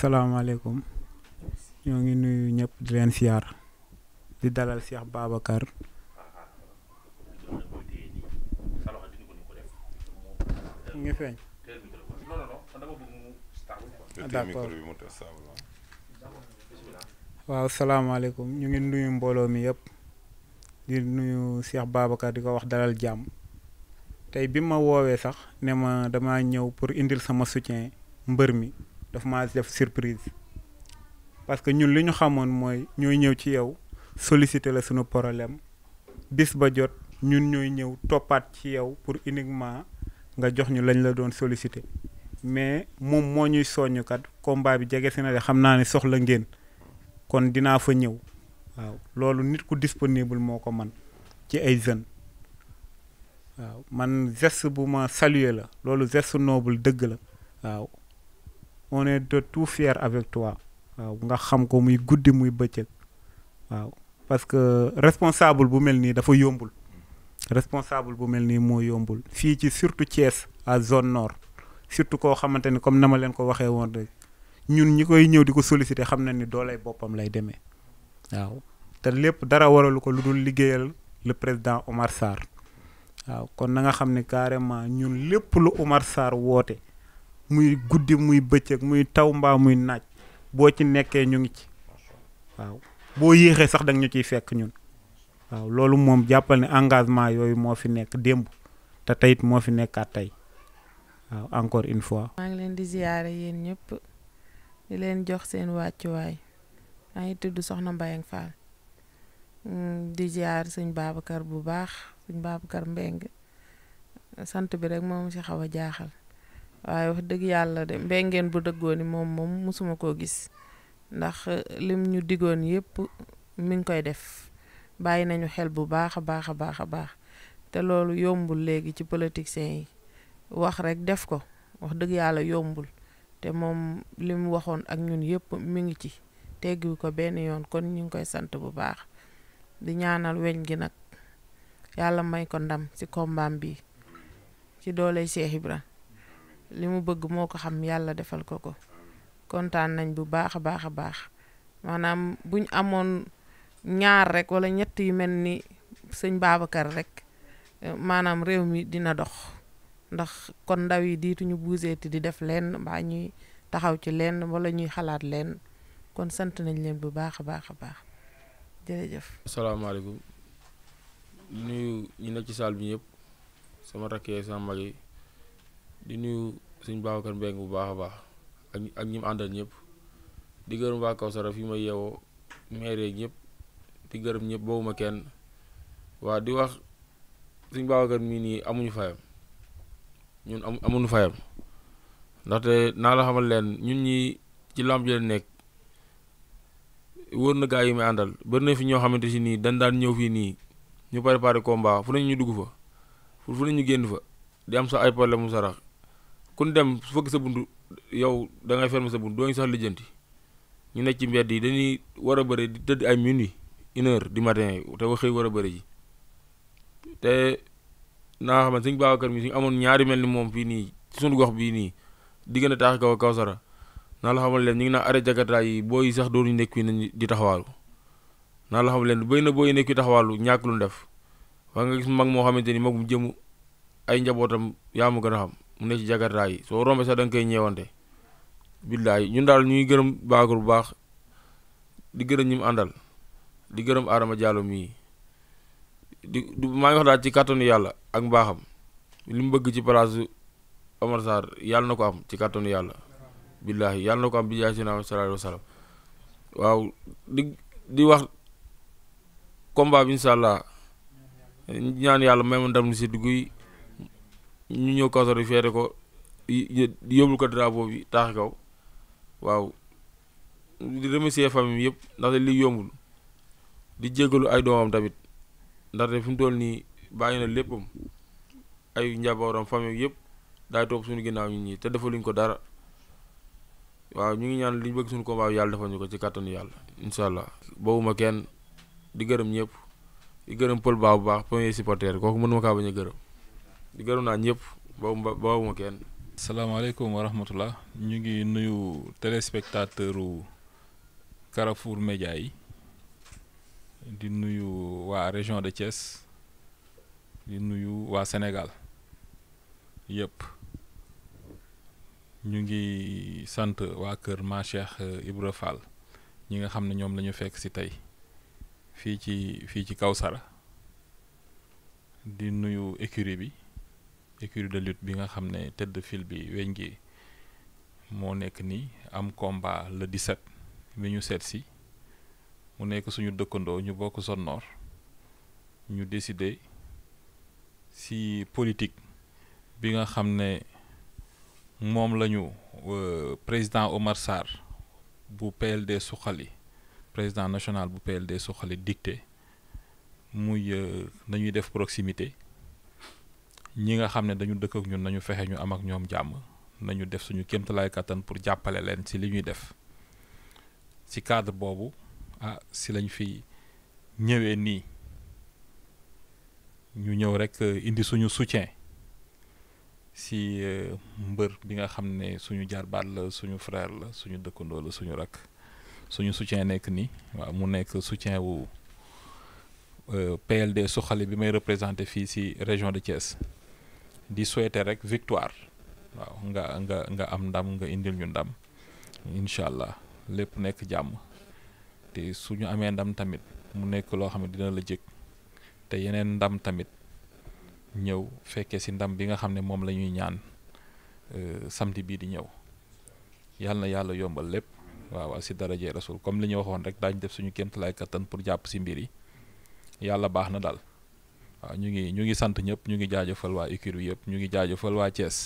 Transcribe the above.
salaamaaleykum ñoo ngi nuyu ñëpp di leen siyaar di dalal Cheikh Babacar ngi feeñ ah, d'accord waaw salaamaaleykum ñu ngi nuyu mbooloo mi yëpp di nuyu Cheikh Babacar di ko wax dalal jàmm tey bi ma woowee sax ne ma dama ñëw pour indil sama soutien mbër mi daf maa def surprise parce que ñun li ñu xamoon mooy ñooy ñëw ci yow solliciter la suñu problème bis ba jot ñun ñooy ñëw toppaat ci yow pour uniquement nga jox ñu lañ la doon solicité mais moom moo ñuy soññu kat bi jege si na de xam naa ne soxla ngeen kon dinaa fa ñëw waaw loolu nit ku disponible moo ko man ci ay jeunes waaw man geste bu ma saluer la loolu geste noble dëgg la waaw on est de tout fier avec toi waaw nga xam ko muy guddi muy bëccëg waaw parce que responsable bu mel nii dafa yombul responsable bu mel nii moo yombul fii ci surtout Thiès à zone nord surtout koo xamante ni comme na ma leen ko waxee woon rek ñun ñi koy ñëw di ko solliciter xam na ni doolay boppam lay demee waaw te lépp dara waralu ko lu dul liggéeyal le président Omar Sarr waaw kon na nga xam ne carrément ñun lépp lu Omar woote muy guddi muy bëccëg muy taw mbaa muy naaj boo ci nekkee ñu ngi ci waaw boo yéexee sax da ñu ciy fekk ñun waaw loolu moom jàppal ne engagement yooyu moo fi nekk démb te teyit moo fi nekkaat tey waaw encore une fois. maa ngi leen di ziyaare yéen ñëpp di leen jox seen wàccuwaay maa ngi tudd Soxna Mbayang Fall di ziyaar suñ Babacar bu baax suñ Babacar Mbeng sant bi rek moom si xaw a jaaxal. waaye wax dëgg yàlla de ngeen bu dëggoo ni moom moom mosuma koo gis ndax eh, lim ñu digoon yépp mi ngi koy def bàyyi nañu xel bu baax a baax a baax a baax te loolu yombul léegi ci politiciens yi wax rekk def ko wax dëgg yàlla yombul te moom li mu waxoon ak ñun yépp mi ngi ci teggiwu ko benn yoon kon ñu ngi koy sant bu baax di ñaanal weñ gi nag yàlla may ko ndam ci kombaam bi ci doole Cheikh Ibra li mu bëgg moo ko xam yàlla defal ko ko kontaan nañ bu baax a baax a baax maanaam buñ amoon ñaar rek wala ñett yu mel ni sëñ Babacar rek eh, maanaam réew mi dina dox ndax kon ndaw yi diituñu buuseeti di def leen mbaa ñuy taxaw ci leen wala ñuy xalaat leen kon sant nañ leen bu baax a baax a baax jërëjëf. asalaamaaleykum nuyu ñu nekk ci saal bi ñëpp sama rakk sama mag yi di nuyu suñ Babacar Mbengue bu baax a baax ak ak ñi àndal ñëpp di gërëm waa Kawsara fi ma yeewoo maire yeeg ñëpp di gërëm ñëpp boobu ma kenn waa di wax suñ Babacar mii nii amuñu fayam ñun am amuñu fayam ndaxte naa la xamal leen ñun ñi ci làmb ji leen nekk wër na gaa yi may àndal bari na fi ñoo xamante si nii dañ daan ñëw fii nii ñu préparé combat fu nañu ñu dugg fa fu nañu ñu génn fa di am sa ay problème mu sarax kun dem fëgg sa bunt yow da ngay fermer sa bunt doo ñu sax lijjanti ñu nekk ci mbedd yi dañuy war a bëri di tëdd ay minuit une heure du matin te waxi war a bëri ji te naa xamante suñ Babacar mi suñ amoon ñaari mel ni moom fii nii sunu gox bii nii diggante taax kaw Kawsara naa la xamal leen ñu ngi naan arrêté jakarta yi booy sax doonuñu nekk fii nañ di taxawaalu naa la xamal leen béy na booy nekk fii taxawaalu ñàkk lu def wax nga gis mag moo xamante ni magum jëm ay njabootam yaa ma mu ne ci jakartaa yi soo rombe sax da koy ñeewante billaay ñun daal ñuy gërëm baagur bu baax di gërëm ñi mu àndal di gërëm Adama Diallo mii di maa ngi wax daal ci kàttanu yàlla ak mbaaxam li mu bëgg ci place Omar Sarr yàlla na ko am ci kàttanu yàlla billaahi yàlla na ko am bi jaay sina sallallahu alayhi waaw di di wax combat bi ñaan yàlla may ma ndam lu si dugg ñu ñëw Kaolack feete ko yóbbul ko drapeau bi taax kaw waaw di remercier famille yëpp ndaxte li yombul di jégalu ay doomam tamit ndaxte fi mu toll nii bàyyi na léppam ay njabootam famille yëpp daay topp suñu ginnaaw ñun ñi te defaluñ ko dara waaw ñu ngi ñaan liñ bëgg suñu combat yàlla defal ñu ko ci kàttanu yàlla incha allah. bawuma kenn di gërëm ñëpp di gërëm pël baa bu baax premier supporter kooku mënuma kaa bañ a gërëm. di gërëm naa ñëpp boobu boobu ma kenn. salaamaaleykum wa rahmatullah ñu ngi nuyu téléspectateuru Carrefour Média yi di nuyu waa région de Thiès di nuyu waa Sénégal yëpp ñu ngi sant waa kër Ma Cheikh euh, Fall ñi nga xam ne ñoom lañu fekk si tey fii ci fii ci Kawsara di nuyu écurie bi. écurie de lutte bi nga xam ne tëdd fil bi weñ gi moo nekk ni am combat di 17 bi ñu seet si mu nekk suñu dëkkandoo ñu bokk zone ñu désidé si politique bi nga xam ne moom la ñu euh, président Omar Sarr bu PLD suqali président national bu PLD suqali dicté muy euh, nañuy def proximité ñi nga xam ne dañu dëkk ak ñun nañu fexe ñu am ak ñoom jàmm nañu def suñu kéemtalaay kàttan pour jàppale leen si li ñuy def ci cadre boobu ah si lañu fi ñëwee nii ñu ñëw rek euh, indi suñu soutien ci euh, mbër bi nga xam ne suñu jarbaat la suñu frère la suñu dëkkandoo la suñu rakk suñu soutien nekk nii waaw mu nekk soutien wu euh, PLD xale bi may représenté fii ci région de Thiès. di souhaiter rek victoire waaw nga nga nga am ndam nga indil ñu ndam incha allah lépp nekk jàmm te su ñu amee ndam tamit mu nekk loo xam ne dina la jëkk te yeneen ndam tamit ñëw fekkee ci ndam bi nga xam ne moom la ñuy ñaan euh, samedi bii di ñëw yàlla yàlla yombal lépp waaw ci daraje rasul comme li ñu waxoon rek daañu def suñu kéemtalaay kattan pour jàpp ci mbir yi yàlla baax na daal. waaw ñu ngi ñu ngi sant ñëpp ñu ngi jaajëfal waa écurie yëpp ñu ngi jaajëfal waa Thiès.